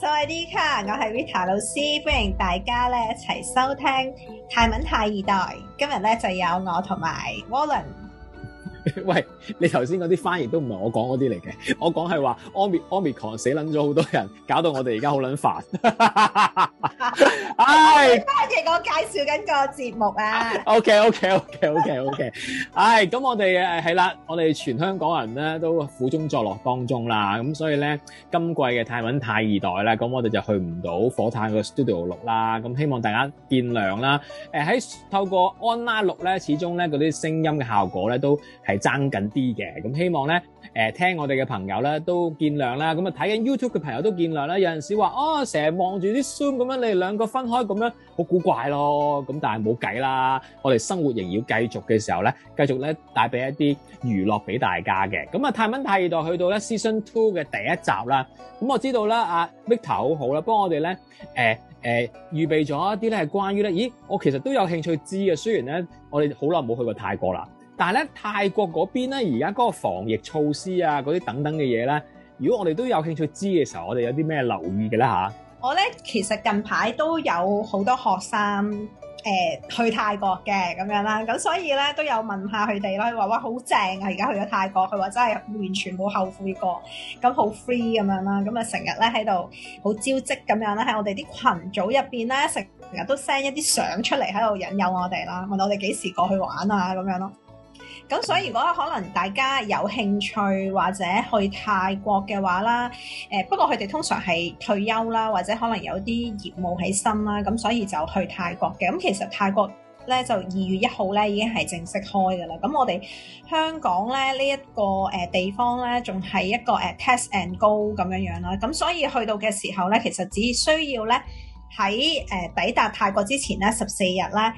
各位 D 卡，我係 Rita 老師，歡迎大家咧一齊收聽泰文泰二代。今日咧就有我同埋 Walton。喂，你頭先嗰啲翻譯都唔係我講嗰啲嚟嘅，我講係話 Omicron 死撚咗好多人，搞到我哋而家好撚煩。翻譯我介紹緊個節目啊。 OK OK OK OK OK，唉、 哎，咁我哋誒係啦，我哋全香港人咧都苦中作樂當中啦，咁所以咧今季嘅泰文太二代啦，咁我哋就去唔到火炭個 studio 錄啦，咁希望大家見諒啦。誒、哎、喺透過安拉錄咧，始終咧嗰啲聲音嘅效果咧都係。爭緊啲嘅，咁希望咧，誒、呃，聽我哋嘅朋友咧都見諒啦，咁啊睇緊 YouTube 嘅朋友都見諒啦。有陣時話哦，成日望住啲 Zoom 咁樣，你哋兩個分開咁樣，好古怪咯。咁但係冇計啦，我哋生活仍要繼續嘅時候咧，繼續咧帶俾一啲娛樂俾大家嘅。咁、嗯、啊，泰文泰二代去到咧 Season Two 嘅第一集啦。咁、嗯、我知道啦，阿、啊、Victor 好好啦，不過我哋咧，誒、呃、誒、預、呃、備咗一啲咧係關於咧，咦，我其實都有興趣知嘅。雖然咧，我哋好耐冇去過泰國啦。但係咧，泰國嗰邊咧，而家嗰個防疫措施啊，嗰啲等等嘅嘢咧，如果我哋都有興趣知嘅時候，我哋有啲咩留意嘅咧嚇？我咧其實近排都有好多學生誒、呃、去泰國嘅咁樣啦、啊，咁所以咧都有問下佢哋啦，佢話哇好正啊，而家去咗泰國，佢話真係完全冇後悔過，咁好 free 咁樣啦、啊，咁啊成日咧喺度好招積咁樣啦、啊。喺我哋啲群組入邊咧，成日都 send 一啲相出嚟喺度引誘我哋啦，問我哋幾時過去玩啊咁樣咯、啊。咁所以如果可能大家有興趣或者去泰國嘅話啦，誒不過佢哋通常係退休啦，或者可能有啲業務喺身啦，咁所以就去泰國嘅。咁其實泰國咧就二月一號咧已經係正式開㗎啦。咁我哋香港咧呢、這個、呢一個誒地方咧仲係一個誒 test and go 咁樣樣啦。咁所以去到嘅時候咧，其實只需要咧喺誒抵達泰國之前咧十四日啦。.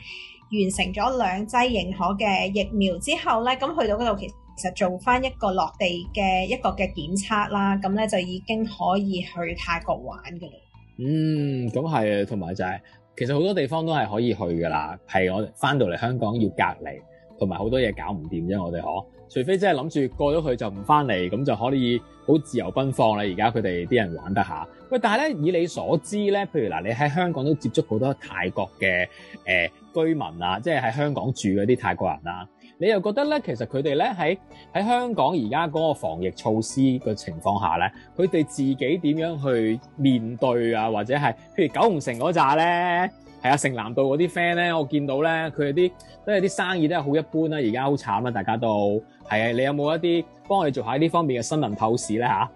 完成咗兩劑認可嘅疫苗之後呢，咁去到嗰度其實做翻一個落地嘅一個嘅檢測啦，咁呢，就已經可以去泰國玩噶啦。嗯，咁係，同埋就係、是、其實好多地方都係可以去噶啦，係我翻到嚟香港要隔離。同埋好多嘢搞唔掂啫，我哋嗬，除非真係諗住過咗去就唔翻嚟，咁就可以好自由奔放啦。而家佢哋啲人玩得下，喂！但係咧，以你所知咧，譬如嗱，你喺香港都接觸好多泰國嘅誒、呃、居民啊，即係喺香港住嗰啲泰國人啦、啊，你又覺得咧，其實佢哋咧喺喺香港而家嗰個防疫措施嘅情況下咧，佢哋自己點樣去面對啊？或者係譬如九龍城嗰扎咧？係啊，城南道嗰啲 friend 咧，我見到咧，佢哋啲都係啲生意都係好一般啦、啊，而家好慘啊。大家都係啊，你有冇一啲幫我哋做下呢方面嘅新聞透視咧吓，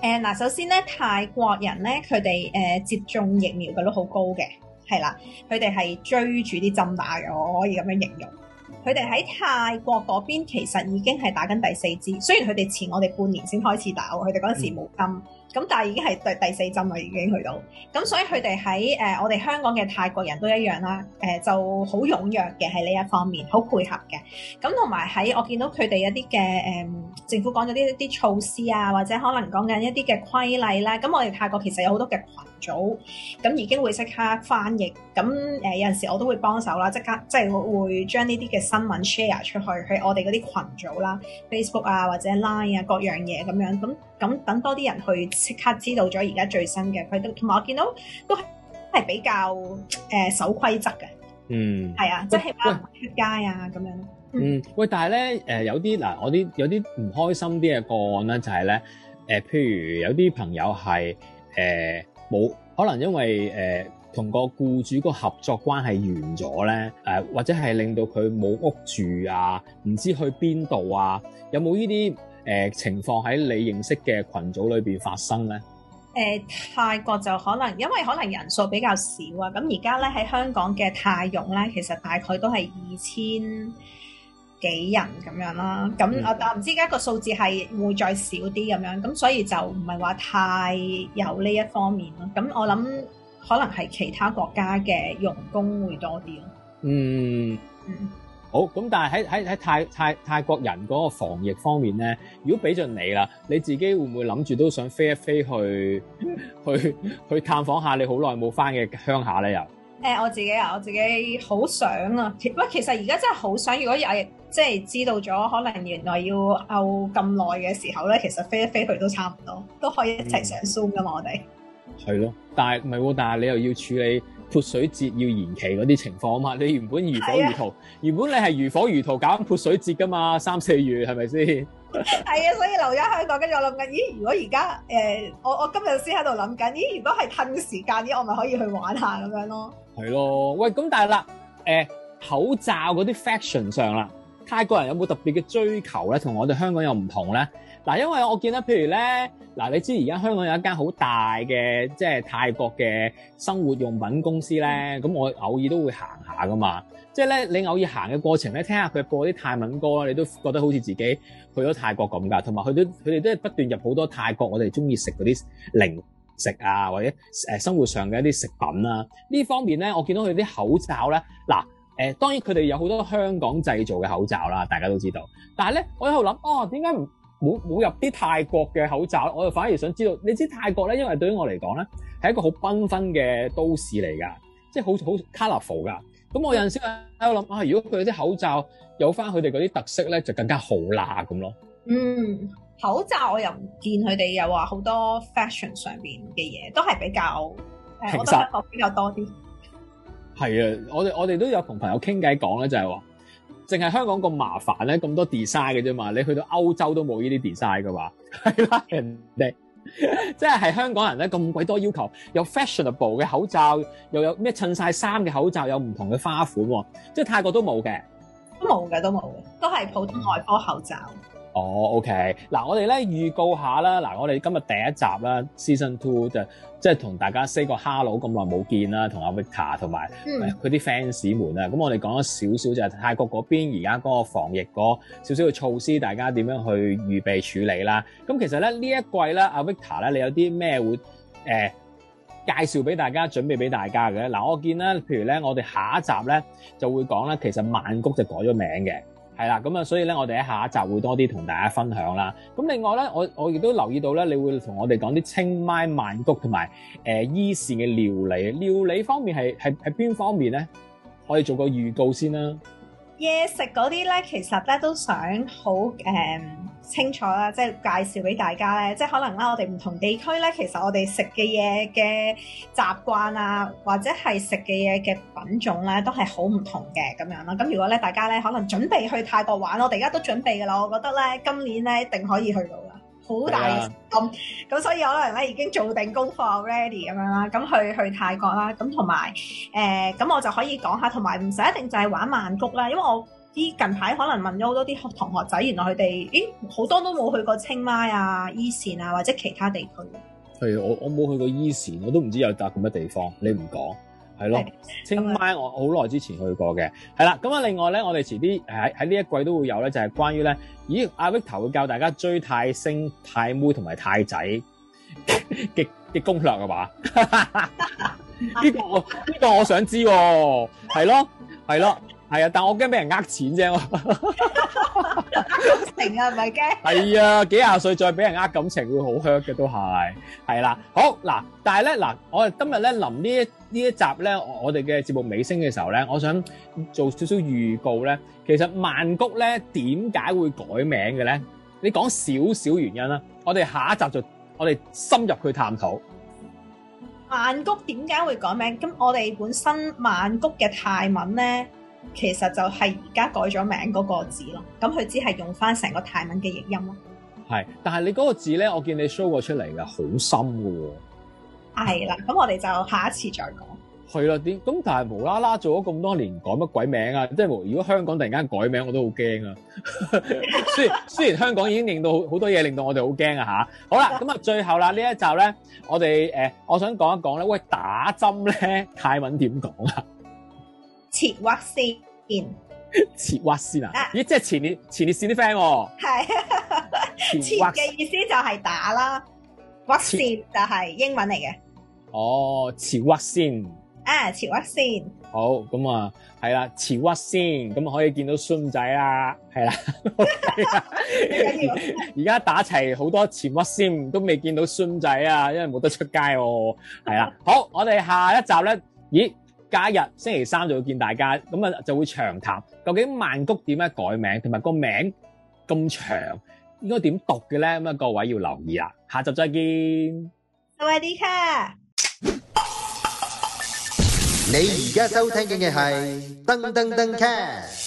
誒 嗱、呃，首先咧，泰國人咧，佢哋誒接種疫苗嘅率好高嘅。係啦，佢哋係追住啲針打嘅，我可以咁樣形容。佢哋喺泰國嗰邊其實已經係打緊第四支，雖然佢哋前我哋半年先開始打，佢哋嗰陣時冇針。嗯咁但係已經係第第四針啦，已經去到。咁所以佢哋喺誒我哋香港嘅泰國人都一樣啦，誒、呃、就好踴躍嘅喺呢一方面，好配合嘅。咁同埋喺我見到佢哋一啲嘅誒政府講咗啲一啲措施啊，或者可能講緊一啲嘅規例啦、啊。咁我哋泰國其實有好多嘅群組，咁已經會即刻翻譯。咁誒有陣時我都會幫手啦，即刻即係會將呢啲嘅新聞 share 出去去我哋嗰啲群組啦，Facebook 啊或者 Line 啊各樣嘢咁樣咁。咁等多啲人去即刻知道咗而家最新嘅規則，同埋我見到都係係比較誒守規則嘅，嗯，係啊，即係唔出街啊咁樣。嗯，喂，但係咧誒有啲嗱，我啲有啲唔開心啲嘅個案咧，就係咧誒，譬如有啲朋友係誒冇可能因為誒同個僱主個合作關係完咗咧，誒或者係令到佢冇屋住啊，唔知去邊度啊，有冇呢啲？誒情況喺你認識嘅群組裏邊發生咧？誒、呃、泰國就可能因為可能人數比較少啊，咁而家咧喺香港嘅泰傭咧，其實大概都係二千幾人咁樣啦。咁我但唔知而家個數字係會再少啲咁樣，咁所以就唔係話太有呢一方面咯。咁我諗可能係其他國家嘅傭工會多啲咯。嗯。嗯。好咁，但係喺喺喺泰泰泰國人嗰個防疫方面咧，如果俾盡你啦，你自己會唔會諗住都想飛一飛去去去，去探訪下你好耐冇返嘅鄉下咧？又誒、欸，我自己啊，我自己好想啊，喂，其實而家真係好想，如果有即係知道咗，可能原來要漚咁耐嘅時候咧，其實飛一飛去都差唔多，都可以一齊上 Zoom 噶嘛，嗯、我哋係咯，但係唔係，但係你又要處理。潑水節要延期嗰啲情況啊嘛，你原本如火如荼，啊、原本你係如火如荼搞潑水節噶嘛，三四月係咪先？係啊，所以留咗香港，跟住我諗緊，咦？如果而家誒，我我今日先喺度諗緊，咦？如果係褪時間，啲，我咪可以去玩下咁樣咯。係咯，喂，咁但係啦，誒、呃，口罩嗰啲 fashion 上啦，泰國人有冇特別嘅追求咧？同我哋香港有唔同咧？嗱，因為我見到，譬如咧，嗱，你知而家香港有一間好大嘅即係泰國嘅生活用品公司咧，咁我偶爾都會行下噶嘛。即係咧，你偶爾行嘅過程咧，聽下佢播啲泰文歌啦，你都覺得好似自己去咗泰國咁噶。同埋佢都佢哋都係不斷入好多泰國我哋中意食嗰啲零食啊，或者誒生活上嘅一啲食品啊。呢方面咧，我見到佢啲口罩咧，嗱誒，當然佢哋有好多香港製造嘅口罩啦，大家都知道。但係咧，我喺度諗，哦，點解唔？冇冇入啲泰國嘅口罩，我就反而想知道，你知泰國咧，因為對於我嚟講咧，係一個好繽紛嘅都市嚟噶，即係好好 colourful 噶。咁我有陣時喺度諗啊，如果佢啲口罩有翻佢哋嗰啲特色咧，就更加好啦咁咯。嗯，口罩我又唔見佢哋有話好多 fashion 上邊嘅嘢，都係比較誒，實我覺得泰國比較多啲。係啊，我哋我哋都有同朋友傾偈講咧，就係、是、話。淨係香港咁麻煩咧，咁多 design 嘅啫嘛，你去到歐洲都冇呢啲 design 嘅話，係 啦，人哋即係係香港人咧咁鬼多要求，有 fashionable 嘅口罩，又有咩襯晒衫嘅口罩，有唔同嘅花款喎，哦，即係泰國都冇嘅，都冇嘅，都冇嘅，都係普通外科口罩。哦、oh，OK，嗱，我哋咧預告下啦，嗱，我哋今日第一集啦，Season Two 就即係同大家 say 個 hello，咁耐冇見啦，同阿、啊、Victor 同埋佢啲、嗯、fans 們啊，咁、嗯、我哋講咗少少就係泰國嗰邊而家嗰個防疫嗰少少嘅措施，大家點樣去預備處理啦？咁、嗯、其實咧呢一季咧，阿、啊、Victor 咧，你有啲咩會誒、呃、介紹俾大家，準備俾大家嘅咧？嗱，我見啦，譬如咧，我哋下一集咧就會講咧，其實曼谷就改咗名嘅。係啦，咁啊，所以咧，我哋喺下一集會多啲同大家分享啦。咁另外咧，我我亦都留意到咧，你會同我哋講啲清邁、曼谷同埋誒伊善嘅料理。料理方面係係係邊方面咧？可以做個預告先啦。嘢食嗰啲咧，其實咧都想好誒。嗯清楚啦，即係介紹俾大家咧，即係可能啦，我哋唔同地區咧，其實我哋食嘅嘢嘅習慣啊，或者係食嘅嘢嘅品種咧，都係好唔同嘅咁樣啦。咁如果咧，大家咧可能準備去泰國玩，我哋而家都準備㗎啦。我覺得咧，今年咧一定可以去到嘅，好大嘅心。咁的、嗯、所以我可能咧已經做定功課，ready 咁樣啦，咁去去泰國啦。咁同埋誒，咁、呃、我就可以講下，同埋唔使一定就係玩曼谷啦，因為我。啲近排可能問咗好多啲同學仔，原來佢哋，咦，好多都冇去過清邁啊、伊善啊或者其他地區。係、欸，我我冇去過伊善，我都唔知有搭咁乜地方。你唔講係咯？是清邁我好耐之前去過嘅。係啦，咁啊，另外咧，我哋遲啲喺喺呢一季都會有咧，就係關於咧，咦，阿 Victor 會教大家追泰星、泰妹同埋泰仔嘅極 攻略係嘛？呢、 這個呢、這個我想知喎，係咯係咯。係啊，但我驚俾人呃錢啫，我感情啊，係咪驚？係啊，幾廿歲再俾人呃感情，會好 hurt 嘅都係。係啦，好嗱，但係咧嗱，我哋今日咧臨呢一呢一集咧，我我哋嘅節目尾聲嘅時候咧，我想做少少預告咧。其實曼谷咧點解會改名嘅咧？你講少少原因啦。我哋下一集就我哋深入去探討曼谷點解會改名。咁我哋本身曼谷嘅泰文咧。其實就係而家改咗名嗰個字咯，咁佢只係用翻成個泰文嘅譯音咯。係，但係你嗰個字咧，我見你 show 過出嚟嘅，好深噶。係啦，咁我哋就下一次再講。係啦，點咁但係無啦啦做咗咁多年改乜鬼名啊？即係如果香港突然間改名，我都好驚啊。 雖然雖然香港已經令到好好多嘢，令到我哋好驚啊吓。好啦，咁啊的最後啦呢一集咧，我哋誒、呃、我想講一講咧，喂打針咧泰文點講啊？切屈先，切屈先啊！咦，即係前列前列腺啲 friend 哦。係，切嘅意思就係打啦。屈先就係英文嚟嘅。哦，切屈先啊，切屈先。好，咁啊，係啦，切屈先，咁啊可以見到孫仔啦，係啦。而、okay、家 打齊好多切屈先，都未見到孫仔啊，因為冇得出街哦、啊。係啦，好，我哋下一集咧，咦？假日星期三就會見大家，咁啊就會長談。究竟曼谷點樣改名，同埋個名咁長應該點讀嘅咧？咁啊各位要留意啦。下集再見。喂 D 卡，你而家收聽嘅係噔噔噔卡。